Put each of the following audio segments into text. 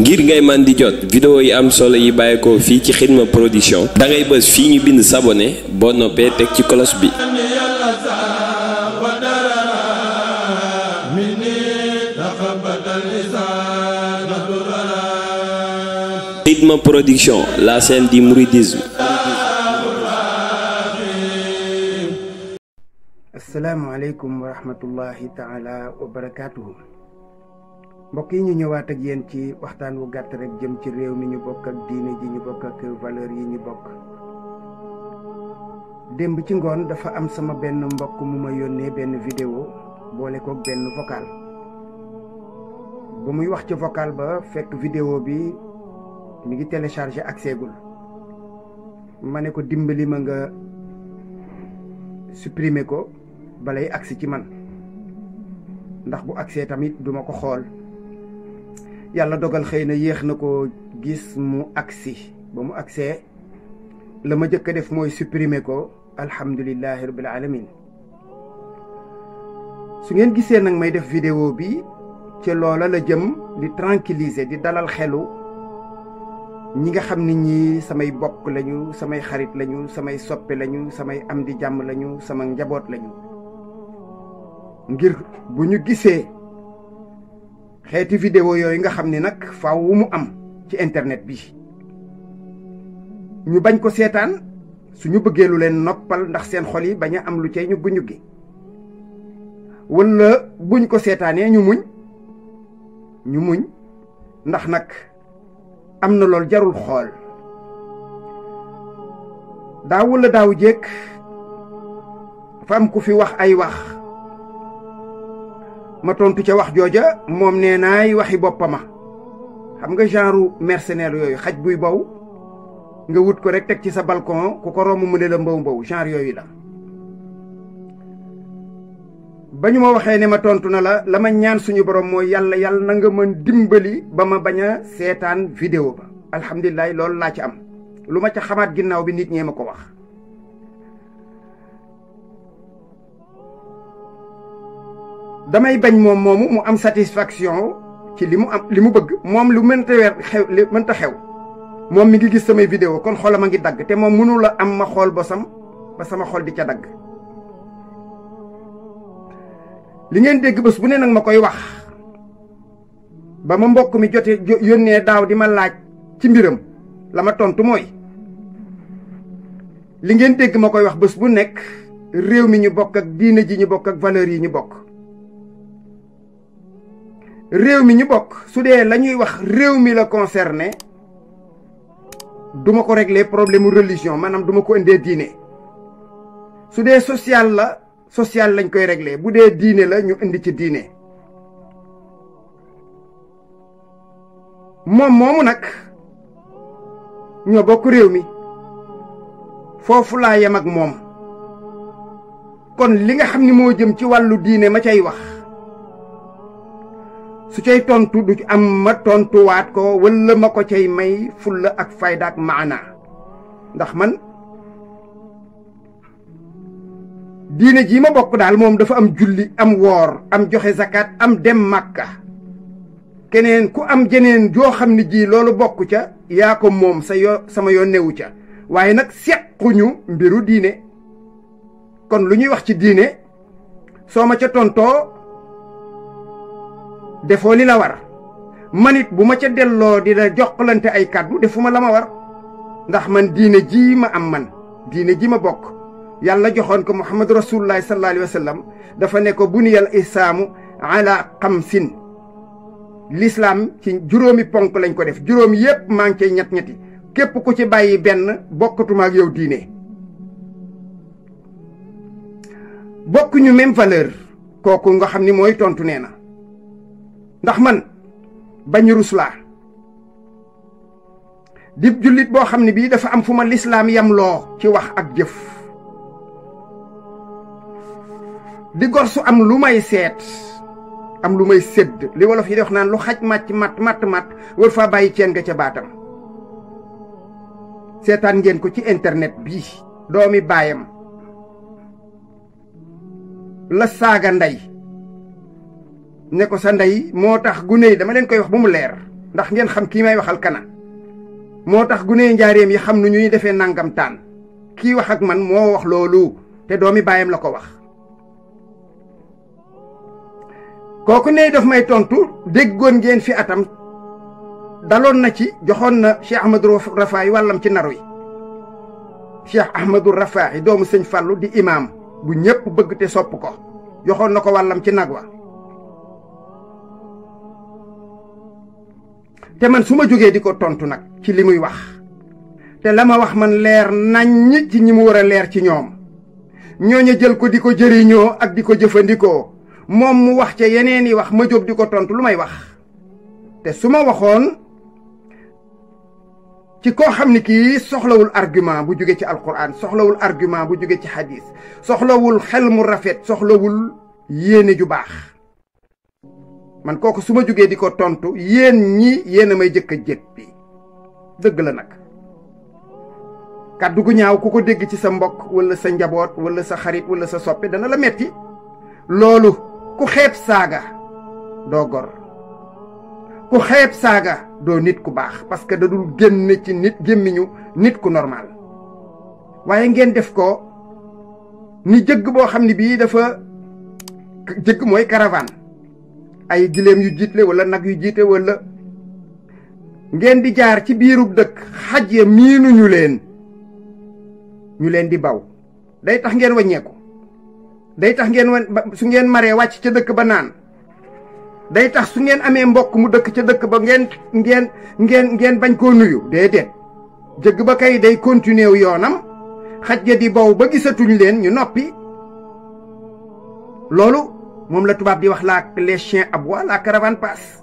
ngir ngay man di jot vidéo yi am solo yi bàyyeekoo fii ci Xidma production dangay ngay bës fii ñu bind s'abonner boo noppee teg ci kolos bi. Xidma production la seen du mouridisme. asalaamaaleykum wa rahmatullahi taala wa mbokk yi ñu ñëwaat ak yéen ci waxtaan wu gàtt rek jëm ci réew mi ñu bokk ak diine ji ñu bokk ak valeur yi ñu bokk démb ci ngoon dafa am sama benn mbokk mu ma yónnee benn vidéo boole ko benn vocal ba muy wax ci vocal ba fekk vidéo bi mi ngi téléchargé ak seegul ma ne ko dimbali ma nga supprimer ko balay agsi ci man ndax bu agsee tamit duma ko xool yalla dogal xeyna na nako gis mu aksi, ba mu aksé la ma jëkk def moy supprimer ko alhamdullilah rabbil alamin su ngeen gisé nak may def vidéo bi ci loola la jëm di tranquilliser di dalal xelu ñi nga xamni ñi samay bokk lañu samay xarit lañu samay soppé lañu samay am di jamm lañu sama njabot lañu ngir buñu xeeti vidéo yooyu nga xam ni nag faaw mu am ci internet bi ñu bañ ko seetaan suñu bëggee lu leen noppal ndax seen xol yi bañ a am lu cay ñu guñu gi wala buñ ko seetaanee ñu muñ ñu muñ ndax nag am na lool jarul xool daaw wala daaw jékk fa am ku fi wax ay wax ma tontu ca wax jooja moom nee naay waxi boppama xam nga genre mercenaire yooyu xaj buy baw nga wut ko rek teg ci sa balcon ku ko romb mu la mbaw mbaw genre yooyu la ba ñu ma waxee ne ma tontu na la la ma ñaan suñu borom mooy yàlla yàlla na nga mën dimbali ba ma bañ a seetaan vidéo ba alhamdulilah loolu laa ci am lu ma ca xamaat ginnaaw bi nit ñee ko wax damay bañ moom moomu mu am satisfaction ci limu am limu bëgg moom lu mënta wër xew li mënta xew moom mi ngi gis samay vidéo kon xolam a ngi dag té moom mënu la am ma xool bosam ba sama xol di ca dag li ngeen dégg bës bu né nak makoy wax ba ma mbokk mi jote yonné daw di ma laaj ci mbiram lama tontu moy li ngeen dégg makoy wax bës bu nek réew mi ñu bokk ak diiné ji ñu bokk ak valeur yi ñu bokk réew mi ñu bokk su dee la ñuy wax réew mi la concerné duma ko régler problème mu religion maanaam duma ko indee diine su dee social la social lañ koy régler bu dee diine la ñu indi ci diine moom moomu nag ñoo bokk réew mi foofu laa yem ak moom kon li nga xam ni moo jëm ci wàllu diine ma cay wax su cay tontu du am ma tontuwaat ko wala ma ko cay may fulla ak fayda ak maana ndax man diine jii ma bokk daal moom dafa am julli am woor am joxe zakat am dem màkka keneen ku am jeneen joo xam ne jii loolu bokk ca yaa ko moom sama yoon newu ca waaye nag sequñu mbiru diine kon lu ñuy wax ci diine soo ma ca tontoo defoo li la war man bu ma ca delloo di la joxlante ay kàddu defuma la ma war ndax man diine ji ma am man diine ji ma bokk yàlla joxoon ko muhammad rasulullahi sallallahu alayhi dafa nekk dafa ne ko buniyal islaamu ala xamsin lislaam ci juróomi ponk lañ ko def juróom yépp maa ngi cay ñett ñetti képp ko ci bàyyi benn bokkatuma ak yow diine bokkuñu même valeur kooku nga xam ni mooy tontu nee na ndax man bañ rus laa di jullit boo xam ne bii dafa am fu ma lislaam yam loo ci wax ak jëf di gor su am lu may seet am lu may sédd li wolof yi di wax naan lu xaj màcc mat mat mat war faa bàyyi ceen nga ca baatam seetaan ngeen ko ci internet bi doomi baayam la saaga ndey ne ko sa ndey moo tax gune yi dama leen koy wax bu mu leer ndax ngeen xam kii may waxal kana moo tax gune njaareem yi xam nu ñuy defee nangam taan kii wax ak man moo wax loolu te doomi baayam la ko wax kooku ne daf may tontu déggoon ngeen fi atam daloon na ci joxoon na Cheikh Ahmadou Rafahi wàllam ci naru yi Cheikh Ahmadou Rafahi doomu sëñ Fallou di imaam bu ñëpp bëgg te sopp ko joxoon na ko wàllam ci nag wa te man su ma jógee di ko tontu nag ci li muy wax te la ma wax man leer nañ ci ñi mu war a leer ci ñoom ñooñu jël ko di ko jëriñoo ak di ko jëfandikoo moom mu wax ca yeneen yi wax ma jóg di ko tontu lu may wax te su ma waxoon ci koo xam ne kii soxlawul argument bu jóge ci alquran soxlawul argument bu jóge ci hadis soxlawul xel mu rafet soxlawul yéene ju baax man kooku suma ma diko di tontu yen ñi yen may jëk jëk bi deug la nak kaddu gu ñaaw ku ko dégg ci sa mbokk wala sa njaboot wala sa xarit wala sa soppe dana la metti lolu ku xeeb saga do gor ku xeeb saga do nit ku bax parce que da dul genn ci nit gemmiñu nit ku normal waye ngeen def ko ni jëg bo xamni bi dafa jëg moy caravane ay gilem yu jiitle wala nak yu jiite wala ngeen di jaar ci biiru dëkk xaj ya miinu ñu leen ñu leen di baw day tax ngeen wàññeeku day tax ngeen su ngeen maré wacc ci dëkk ba naan day tax su ngeen amé mbokk mu dëkk ci dëkk ba ngeen ngeen ngeen ngeen bañ ko nuyu jëg ba kay day continuer yoonam ya di baw ba gisatuñ leen ñu noppi loolu mom la tubab di wax la les chiens aboient la caravane passe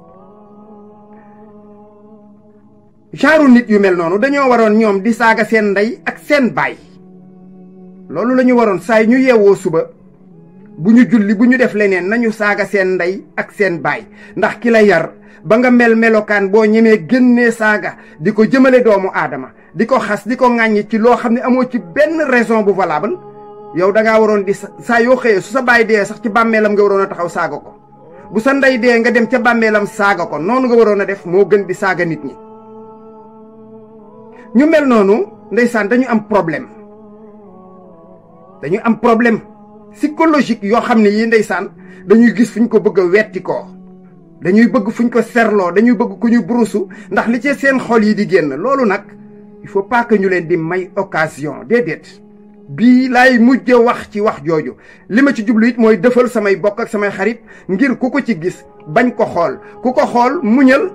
jaru nit yu mel nonu dañu waron ñom di saga sen nday ak sen bay lolu lañu waron say ñu yewoo suba buñu julli buñu def leneen nañu saga sen nday ak sen bay ndax ki la yar ba nga mel melokan bo ñemee genné saga diko jëmele doomu adama diko xas di ci lo xamni amo ci ben raison bu valable yow da ngaa waroon di saa yoo xëyee su sa baay dee sax ci bàmmeelam nga waroon a taxaw saaga ko bu sa ndey dee nga dem ca bàmmeelam saaga ko noonu nga waroon a def moo gën di saaga nit ñi. ñu mel noonu ndeysaan dañu am problème dañu am problème psychologique yoo xam ne yi ndeysaan dañuy gis fu ñu ko bëgg a wetti ko dañuy bëgg fu ñu ko serloo dañuy bëgg ku ñu burusu ndax li ci seen xol yi di génn loolu nag il faut pas ñu leen di may occasion déedéet. Bilai laay mujje wax ci wax jooju li ma ci jublu it mooy defal samay bokk ak samay xarit ngir ku ko ci gis bañ ko xool ku ko muñal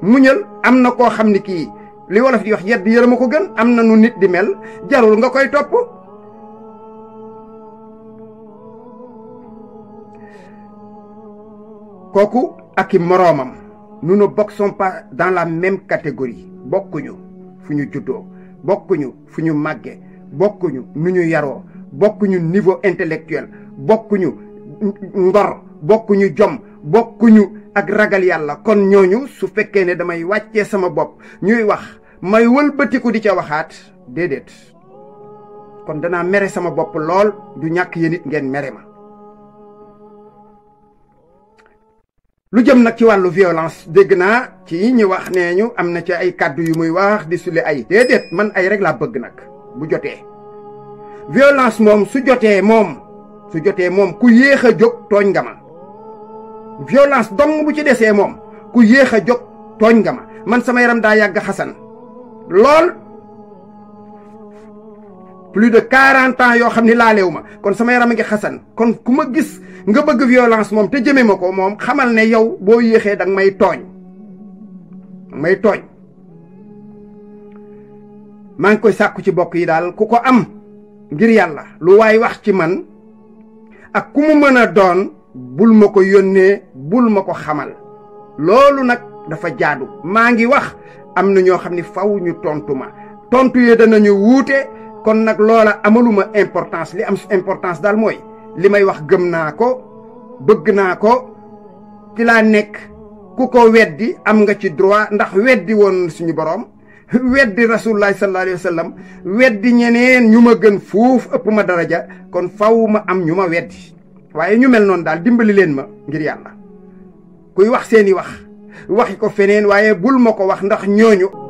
muñal am na koo xam ni kii li wolof di wax yedd yërëma ko gën am nu nit di mel jarul nga koy topp kooku ak i nous ne boxons pas dans la même catégorie bokkuñu fu ñu juddoo bokkuñu fu ñu bokkuñu nu ñu yaroo bokkuñu niveau intellectuel bokkuñu ngor bokkuñu jom bokkuñu ak ragal yàlla kon ñooñu su fekkee ne damay wàccee sama bopp ñuy wax may wëlbatiku di ca waxaat déedéet kon danaa mere sama bopp lool du ñàkk yéen ngeen mere ma lu jëm nag ci wàllu violence dégg naa ci ñi wax nee ñu am na ci ay kàddu yu muy wax di sule ay déedéet man ay rek laa bëgg nag bu jotee violence moom su jotee moom su jotee moom ku yéex a jóg tooñ nga ma violence dong bu ci desee moom ku yéex a jóg tooñ nga ma man sama yaram daa yàgg xasan lool plus de quarante ans yoo xam ni laalewu ma kon sama yaram a ngi xasan kon ku ma gis nga bëgg violence moom te jëme ma ko moom xamal ne yow boo yéexee danga may tooñ may tooñ maa ngi koy sàkku ci bokk yi daal ku ko am ngir yàlla lu waay wax ci man ak ku mën a doon bul ma ko yónnee bul ma ko xamal loolu nag dafa jaadu maa ngi wax am na ñoo xam ni faw ñu tontu ma tontu yi danañu wuute kon nag loola amaluma importance li am importance daal mooy li may wax gëm naa ko bëgg naa ko ci nekk ku ko weddi am nga ci droit ndax weddi woon suñu boroom weddi rasulullahi sallallahu alayhi wa sallam weddi ñeneen ñu ma gën foofu ëpp ma daraja kon faw ma am ñu ma weddi waaye ñu mel noonu daal dimbali leen ma ngir yàlla kuy wax seeni wax waxi ko feneen waaye bul ma ko wax ndax ñooñu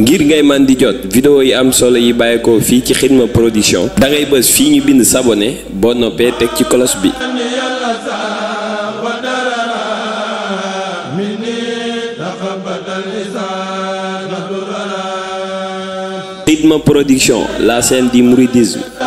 ngir ngay man jot vidéo yi am solo yi bàyyeekoo fi ci Xidma production da ngay bës fi ñu bind s'abonner bo noppé tek ci cloche bi. Xidma production la scène du mouridisme.